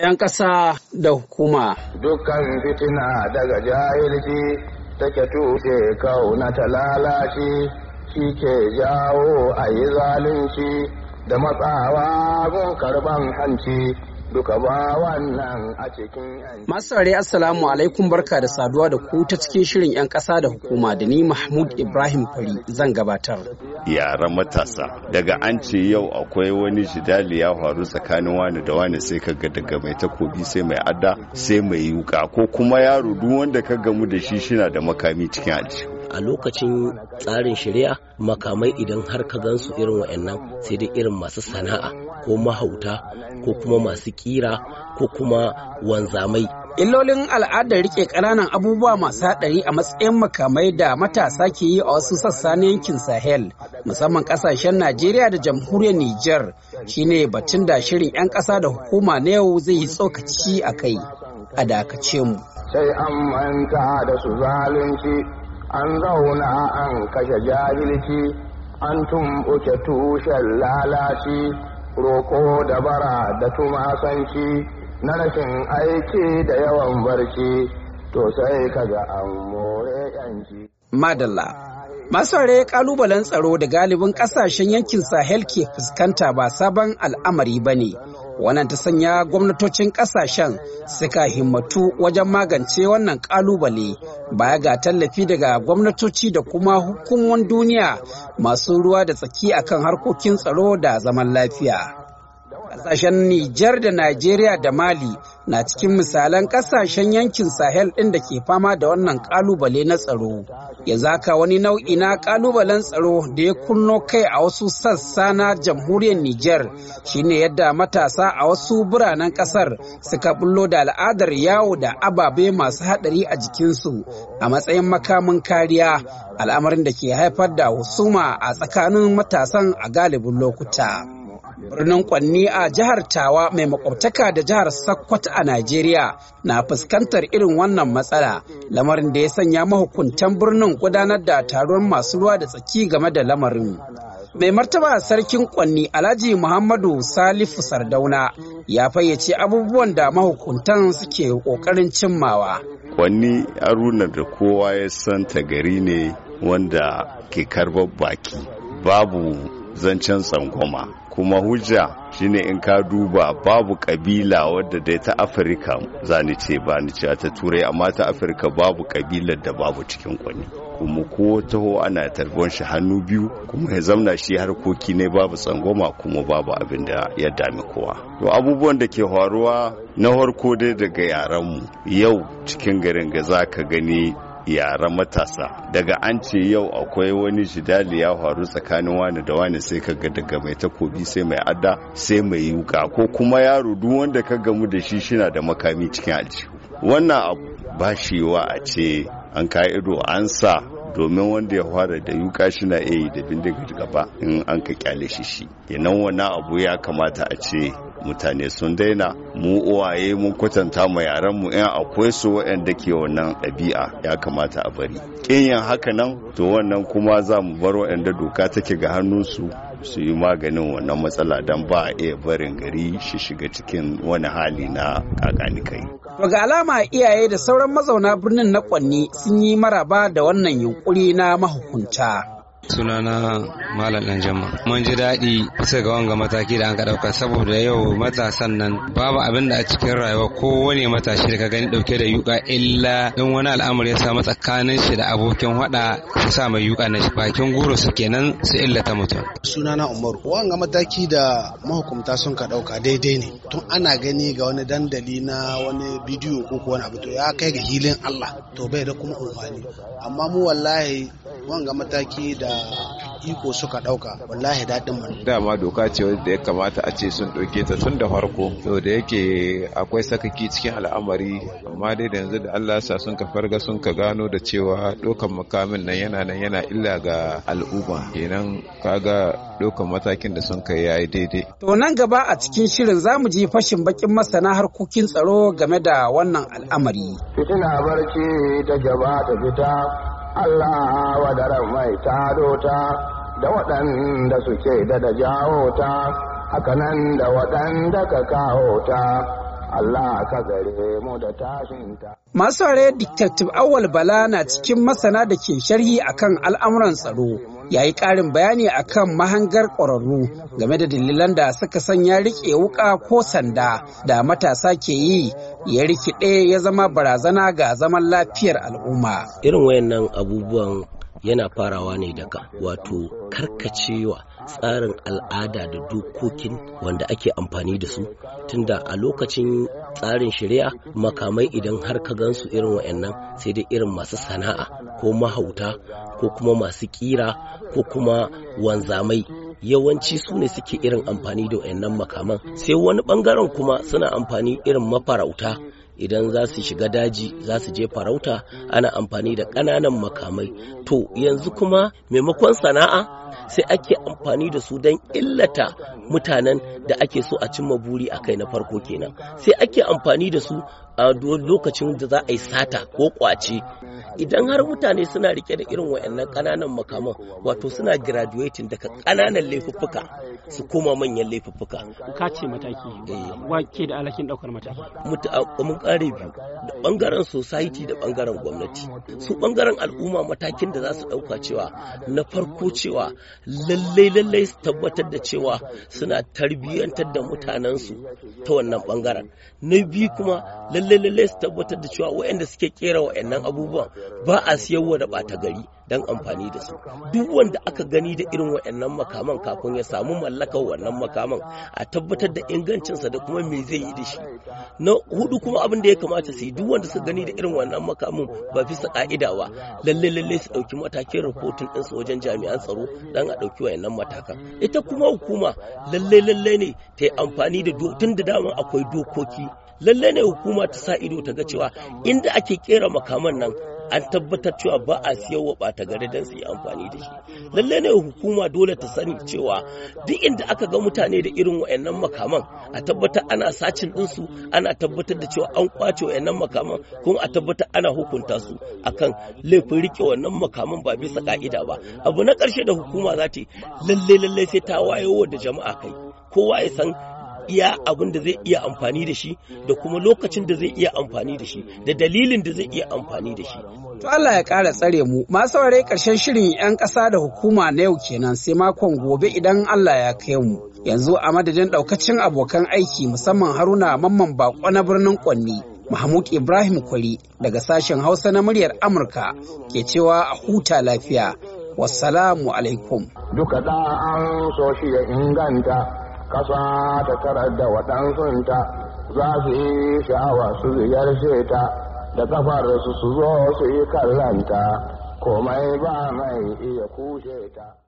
'yan ƙasa da hukuma. Dukkan fitina daga jahilci take tushe kauna ta lalace shi ke jawo a yi zalunci da matsawa gun karban hanci duka ba wannan a cikin masu assalamu alaikum barka da saduwa da ku ta cikin shirin 'yan ƙasa da hukuma da ni mahmud ibrahim fari zan gabatar yaran matasa daga an ce yau akwai wani jidali ya faru tsakanin wani da wani sai kaga daga mai takobi sai mai adda sai mai yuka ko kuma yaro duk wanda ka gamu da shi shina da makami cikin aljihu a lokacin tsarin shari'a makamai idan har ka gansu irin wa'annan sai dai irin masu sana'a ko mahauta ko kuma masu kira ko kuma wanzamai illolin al'adar rike ƙananan abubuwa masu haɗari a matsayin makamai da matasa ke yi a wasu sassa na yankin sahel musamman ƙasashen najeriya da jamhuriyar niger shine batun da shirin 'yan ƙasa da hukuma na yau zai yi tsokaci a kai a dakace mu sai an manta da su zalunci an zauna an kashe jahilci an tumɓuke tushen lalaci roƙo da bara da tumasanci na rashin aiki da yawan barci to sai kaga an more yanci madalla Masu ƙalubalen kalubalen tsaro da galibin kasashen yankin Sahel ke fuskanta ba sabon al'amari ba ne. Wannan ta sanya gwamnatocin kasashen suka himmatu wajen magance wannan kalubale baya ga tallafi daga gwamnatoci da kuma hukumomin duniya masu ruwa da tsaki akan harkokin tsaro da zaman lafiya. Ƙasashen Nijar da Najeriya da Mali na cikin misalan ƙasashen yankin Sahel ɗin da ke fama da wannan ƙalubale na tsaro. Ya zaka wani nau'i na ƙalubalen tsaro da ya kunno kai a wasu sassa na jamhuriyar Nijar shine yadda matasa a wasu biranen ƙasar suka bullo da al'adar yawo da ababe masu haɗari a jikinsu a matsayin makamin kariya al'amarin da ke haifar da husuma a tsakanin matasan a galibin lokuta. Birnin Kwanni a jihar Tawa mai makwabtaka da jihar sakkwato a Najeriya na fuskantar irin wannan matsala, lamarin da ya sanya mahukuntan birnin gudanar da taron masu ruwa da tsaki game da lamarin. Mai martaba sarkin Kwanni Alhaji Muhammadu Salifu Sardauna ya fayyace abubuwan da mahukuntan suke ƙoƙarin cimmawa. Kwanni aruna da kowa ya san ta gari ne wanda ke karbar baki babu zancen tsangwama kuma hujja shine in ka duba babu kabila wadda dai ta afirka ni ce ba ni cewa ta turai amma ta afirka babu kabilar da babu cikin kwani kuma ko taho ana tarbon shi hannu biyu kuma ya zamna shi harkoki ne babu tsangoma kuma babu abin da ya dami kowa to abubuwan da ke faruwa na farko dai daga yaranmu yau cikin garin ga za ka gani yaran matasa daga an ce yau akwai wani shidali ya faru tsakanin wani da wani sai kaga daga mai takobi sai mai adda sai mai yuka ko kuma yaro duk wanda ka gamu da shi shina da makami cikin aljihu wannan abu ba shi wa a ce an ka ido an sa domin wanda ya fara da yuka shi na iya yi da bindiga gaba in an ka kyale shi shi inan wani abu ya kamata a ce mutane sun daina mu uwaye mun kwatanta ma yaran mu in akwai su waɗanda ke wannan ɗabi'a ya kamata a bari kin yin haka nan to wannan kuma za mu bar waɗanda doka take ga hannunsu su yi maganin wannan matsala don ba a iya barin gari shi shiga cikin wani hali na kakanikai. kai. ga alama iyaye da sauran mazauna birnin na kwanni sun yi maraba da wannan yunkuri na mahukunta. sunana malam dan mun ji daɗi bisa ga wanga mataki da an ka ɗauka saboda yau matasan nan babu abin da a cikin rayuwa ko wani matashi da ka gani dauke da yuka illa in wani al'amari ya samu tsakanin shi da abokin hada su sa mai yuka na shi bakin goro su kenan su illata mutum sunana umaru wanga mataki da mahukumta sun ka ɗauka daidai ne tun ana gani ga wani dandali na wani bidiyo ko wani abu to ya kai ga hilin Allah to bai da kuma umfani amma mu wallahi wanga mataki da iko suka ɗauka wallahi daɗin mu dama doka ce wanda ya kamata a ce sun ɗauke ta tun da farko to da yake akwai sakaki cikin al'amari amma dai da yanzu da Allah sa sun ka farga sun ka gano da cewa ɗaukan makamin nan yana nan yana illa ga al'umma kenan kaga ɗaukan matakin da sun kai yayi daidai to nan gaba a cikin shirin zamu ji fashin bakin masana harkokin tsaro game da wannan al'amari fitina barci ta gaba ta fita Allah wadaran mai taro ta da waɗanda suke da da jawo ta hakanan da waɗanda ka kawo ta Allah ka gare mu da tashin ta. Masu Detective Awal Bala na cikin masana da ke sharhi akan al'amuran tsaro. ya yi ƙarin bayani a kan mahangar ƙwararru game da dalilan da suka sanya riƙe wuƙa ko sanda da matasa ke yi ya rikiɗe ya zama barazana ga zaman lafiyar al'umma. Irin wayannan abubuwan yana farawa ne daga wato karkacewa tsarin al'ada da dokokin wanda ake amfani da su tunda a lokacin tsarin shari'a makamai idan har ka gansu irin wa'annan sai dai irin masu sana'a ko mahauta ko kuma masu kira ko kuma wanzamai yawanci su ne suke irin amfani da wa'annan makaman sai wani bangaren kuma suna amfani irin mafarauta idan za su shiga daji za su je farauta ana amfani da ƙananan makamai to yanzu kuma maimakon sana'a sai ake amfani da su don illata mutanen da ake so a cimma buri a kai na farko kenan sai ake amfani da su a lokacin da za a yi sata ko kwace idan har mutane suna rike da irin wayannan ƙananan makaman wato suna graduating daga ƙananan laifuffuka su koma manyan laifuffuka ka ce mataki eh. wa ke da alhakin daukar mataki mun kare biyu da bangaren society da bangaren gwamnati su bangaren al'umma matakin da za su dauka cewa na farko cewa lallai lallai su tabbatar da cewa suna tarbiyyantar da mutanensu ta wannan bangaren na biyu kuma lalle su tabbatar da cewa waɗanda suke kera waɗannan abubuwan ba a siyarwa da ɓata gari don amfani da su duk wanda aka gani da irin waɗannan makaman kafin ya samu mallakar wannan makaman a tabbatar da ingancinsa da kuma me zai yi da shi na hudu kuma abin da ya kamata su yi duk wanda suka gani da irin wannan makaman ba bisa ka'ida ba lallai lalle su ɗauki matakin rahoton ɗinsu wajen jami'an tsaro don a ɗauki waɗannan matakan ita kuma hukuma lallai lallai ne ta yi amfani da tun da dama akwai dokoki lalle ne hukuma ta sa ido ta ga cewa inda ake kera makaman nan an tabbatar cewa ba a siyar wa bata gari don su yi amfani da shi lalle ne hukuma dole ta sani cewa duk inda aka ga mutane da irin wayannan makaman a tabbatar ana sacin ɗinsu ana tabbatar da cewa an kwace wayannan makaman kuma a tabbatar ana hukunta su akan laifin rike wannan makaman ba bisa ka'ida ba abu na ƙarshe da hukuma za ta yi lalle lalle sai ta wayo da jama'a kai kowa ya san iya abin da zai iya amfani da shi da kuma lokacin da zai iya amfani da shi da dalilin da zai iya amfani da shi. To Allah ya ƙara tsare mu masu saurare ƙarshen shirin 'yan ƙasa da hukuma na yau kenan sai makon gobe idan Allah ya kai mu. Yanzu a madadin ɗaukacin abokan aiki musamman Haruna Mamman Bako na birnin Kwanni. Mahmud Ibrahim Kwari daga sashen Hausa na muryar Amurka ke cewa a huta lafiya. Wassalamu alaikum. Duka da an so shi ya inganta ƙasa ta tarar da waɗansunta za su yi sha'awa su ziyarce ta da kafar su su zo su yi kallanta komai ba mai iya kushe ta